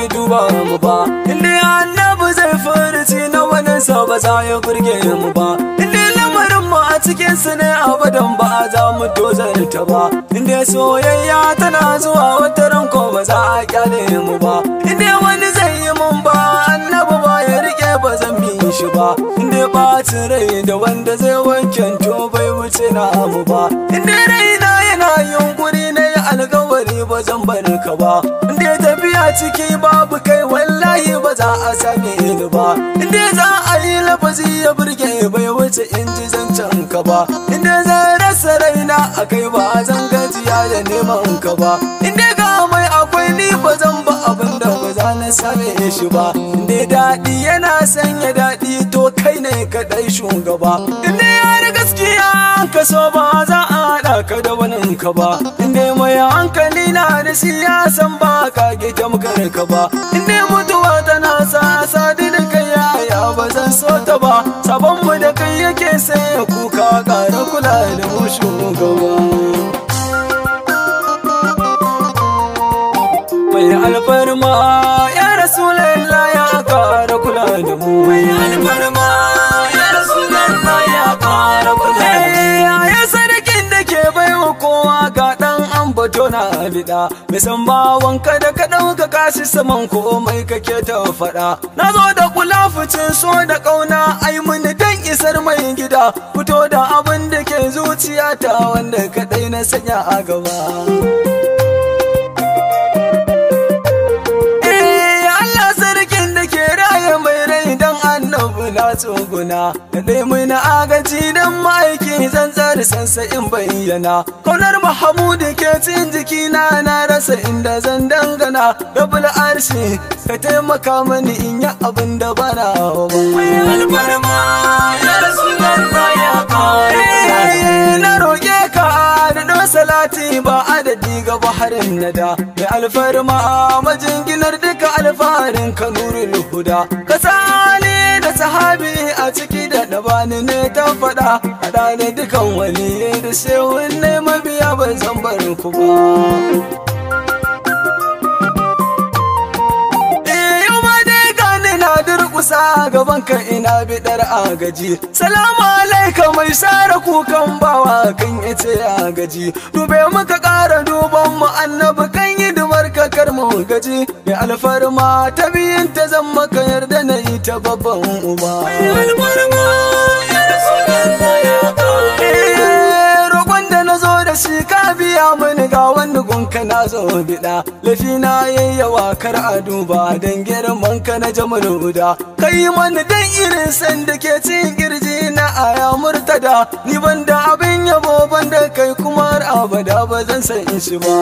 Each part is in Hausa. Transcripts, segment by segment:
bai duba mu ba inda annabi zai furci na wani sa za ya burge mu ba inda lamarin mu a cikin su ne abadan ba za mu dozar ba inda soyayya tana zuwa wata ran ko ba za a kyale mu ba inda wani zai yi mun ba annabi ba ya rike ba zan bi shi ba inda ɓacin rai da wanda zai wanke to bai wuce na amu ba inda raina yana yunkuri na yi alkawari ba zan bar ka ba inda tafi a ciki babu kai wallahi ba za a same ni ba inda za a yi lafazi ya burge bai wuce in ji zancen ka ba inda zan rasa raina a kai ba zan gajiya da neman ka ba inda ga mai akwai ni ba zan ba na same shi ba da daɗi yana sanya daɗi to kai ne kaɗai shugaba inda ya gaskiya ka so ba za a haɗa ka da wani ka ba inda mai hankali na da siyasan ba ka ge tamkar ka ba inda mutuwa tana sa sadi da kai yaya ba zan so ta ba sabon mu da kai yake sai ya kuka ƙara kula da mu shugaba alfarma da mu mai alfarma ya rasu ya fara kula eh, ya sarkin da ke baiwa kowa ga dan ambato na san misan wanka da ka dauka kashi saman komai kake ta fada na zo da kula ficin so da kauna ai mini dan isar mai gida fito da abin da ke zuciyata wanda kadai na sanya a gaba tsuguna da ɗai muna agaji don ma'aiki zanzar tsari sansa in bayyana kaunar mahamudu ke cin jikina na rasa inda zan dangana rabul arshi ka taimaka mani in yi abin da bana eh, na roƙe ka ba adadi ga baharin nada mai alfarma majinginar duka alfaharin ka nurul huda ka Qur'ani ne ta faɗa haɗa ne dukan wani da sai wani mabiya ban san barin ku ba musa gaban ka ina bidar agaji salamu alaika mai sara kukan bawa kan yace agaji dube muka kara duban mu annabi kan hidimar ka kar mu gaji mai alfarma ta biyin ta zan maka yarda na yi ta babban uba mai alfarma ya ya zo da shi ka biya mani ga wani gunka na zo biɗa lafi na yayyawa kar a duba don girman ka na jamaluda kai mani dan irin san ke cin kirji na aya murtada ni ban da abin yabo ban da kai kuma har abada ba zan san in shi ba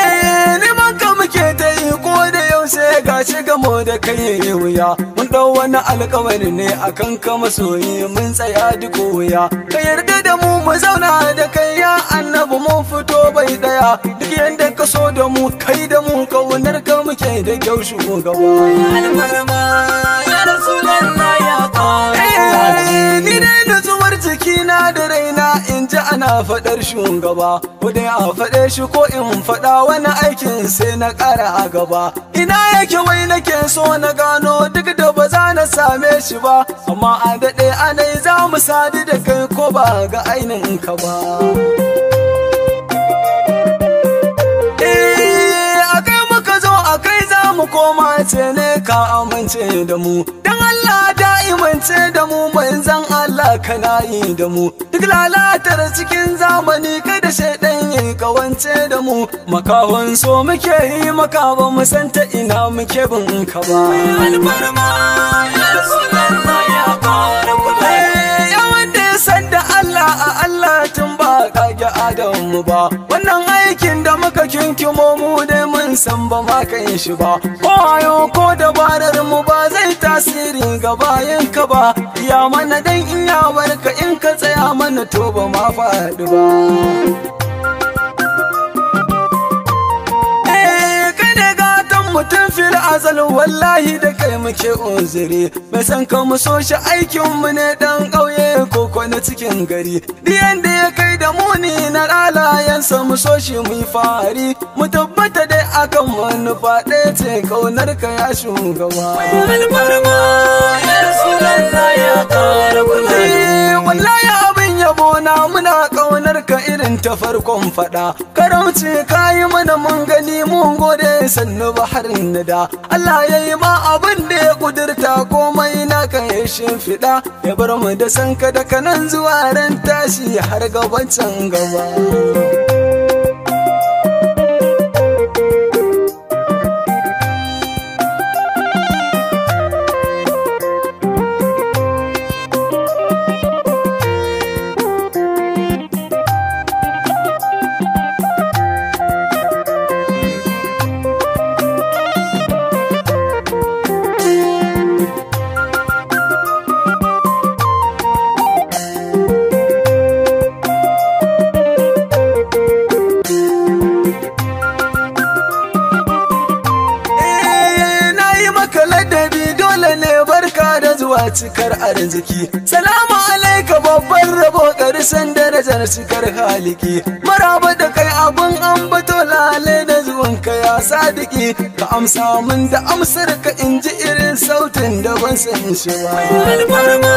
eh ni ka muke ta yi ko da yaushe ga shi gamo da kai wuya mun wani alkawari ne akan ka masoyi mun tsaya duk wuya ka yarda da mu mu zauna da kai ya annabi mun fito bai daya duk yanda ka so da mu kai da mu kaunar ka muke da kyau shugaba alfarma ya rasulallah ya eh, ni dai jikina da raina ji ana faɗar shugaba ko dai a faɗe shi ko in faɗa wani aikin sai na ƙara a gaba ina yake wai nake so na gano duk da ba za na same shi ba amma a daɗe anai za mu sadu da kai ko ba ga ainin ka ba. Eh, muka zo mu koma ce ne ka amince da mu Allah da'imance da mu manzan Allah kana yi da mu duk lalatar cikin zamani kada shaidan yin kawance da mu makawan so muke yi makawa mu san ina muke bin ka ba albarma ya eh, ya wanda san da Allah a Allah tun al'adan mu ba wannan aikin da muka kinkimo mu dai mun san ba ma kan shi ba ko ayo ko dabarar mu ba zai tasiri ga bayan ka ba ya mana dan in ya barka in ka tsaya mana to ba ma faɗi ba tun fil azal wallahi da kai muke uzuri bai san ka mu so shi aikin mu ne dan ƙauye ko ko na cikin gari diyan da ya kai da mu ne na ralayensa mu so shi mu fari mu tabbata dai akan manufa ɗaya ce kaunar ka ya shugaba eh, wallahi abin yabo na muna ƙaunar ka irin ta farkon fada karauce kayi mana mun sannu ba har nada Allah ya yi ma abin da ya kudurta komai na kan ya shimfiɗa ya bar mu da sanka daga nan zuwa ran tashi har gaban can gaba. zuwa cikar arziki salamu alaika babban rabo ƙarshen darajar cikar haliki maraba da kai abun bato lalai da zuwanka ya sadiki ka amsa min da amsar ka in ji irin sautin da ban san shi ba alfarma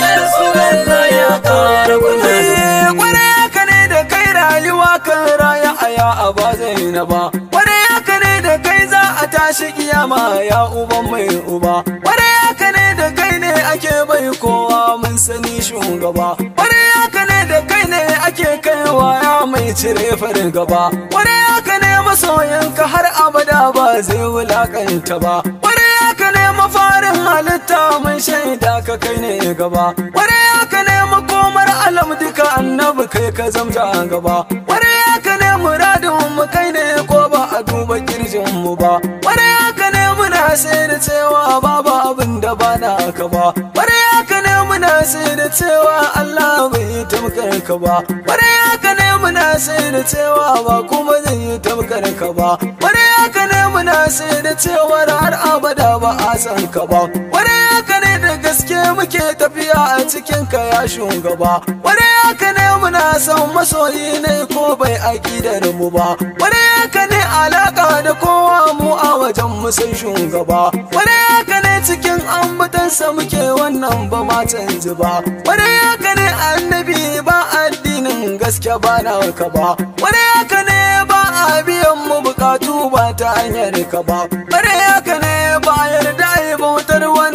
ya rasulullah ya ƙara eh, kai rayuwa kan raya aya a ba zai na ba ya da kai za a tashi kiyama ya uban mai uba mai kowa mun sani shugaba wani haka ne da kai ne ake kaiwa ya mai cire farin gaba wani haka ne masoyanka har abada ba zai wulakanta ba wani haka ne mafarin halitta mun shaida ka kai ne gaba wani haka ne makomar alam duka annabi kai ka zamta gaba wani haka ne muradin mu kai ne ko ba a duba kirjin mu ba wani haka sai da cewa babu abin da ba na ka ba ne muna sai da cewa Allah bai tamkar ka ba ya ka ne muna sai da cewa ba kuma zai yi tamkar ka ba ya ka ne muna sai da cewa har abada ba a san ka ba ya ka ne da gaske muke ta a cikin ka ya shugaba wani haka ne muna son masoyi ne ko bai aƙidar mu ba wani haka ne alaka da kowa mu a wajen mu sai shugaba wani haka ne cikin ambatansa muke wannan ba ma canji ba wani haka ne annabi ba addinin gaske ba na ka ba wani haka ne ba a biyan mu bukatu ba ta hanyar ka ba wani haka ne ba yarda yi bautar wani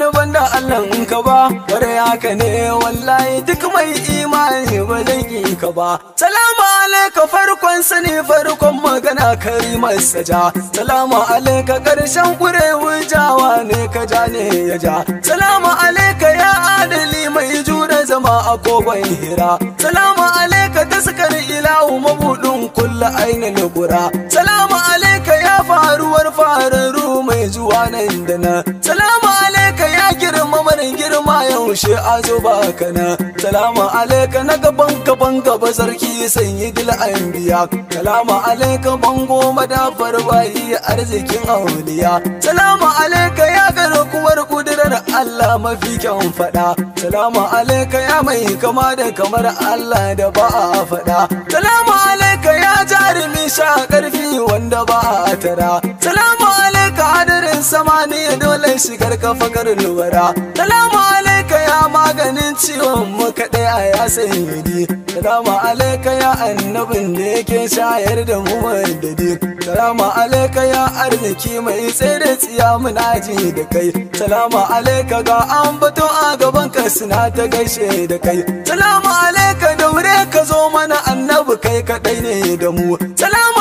in ka ba bare haka ne wallahi duk mai imani ba zai yi ka ba salamu alaika farkon sani farkon magana kari masaja salamu alaika karshen kure wujawa ne ka ja ne ya ja salamu alaika ya adali mai jure zama a kogon hira salamu alaika taskar ilahu mabudin kulla ainihin gura salamu alaika ya faruwar fararru mai zuwa nan da nan salamu alaika ya girma girma yaushe a zuba kana salama alaika na gaban gaban gaba sarki sanyi dila an biya salama alaika bango madafar bayi arzikin auliya salama alaika ya kuwar kudirar Allah mafi kyan fada salama alaika ya mai kama da kamar Allah da ba a fada salama alaika ya jarumi sha karfi wanda ba a tara salama madarin sama ne dole shigar kafa garin lubara salamu alaika ya maganin ciwon mu kaɗai a ya sayyidi salamu alaika ya annabin da yake shayar da mu madadi salamu alaika ya arziki mai da tsiya muna ji da kai salamu alaika ga an bato a gaban ka suna ta gaishe da kai salamu alaika wure ka zo mana annabi kai kaɗai ne da mu salamu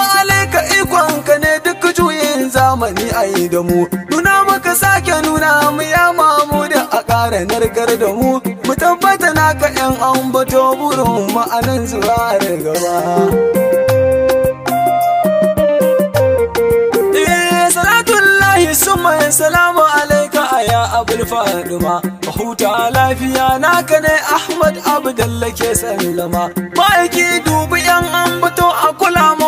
zamani a yi da mu nuna maka sake nuna mu ya mamu da a ƙara narkar da mu mu tabbata naka yan an bato burin ma'anan zuwa da gaba eh, Allahumma salamu alaika a ya abul faduma huta lafiya naka ne Ahmad Abdalla ke sallama ma'aiki dubi yan bato a kula mu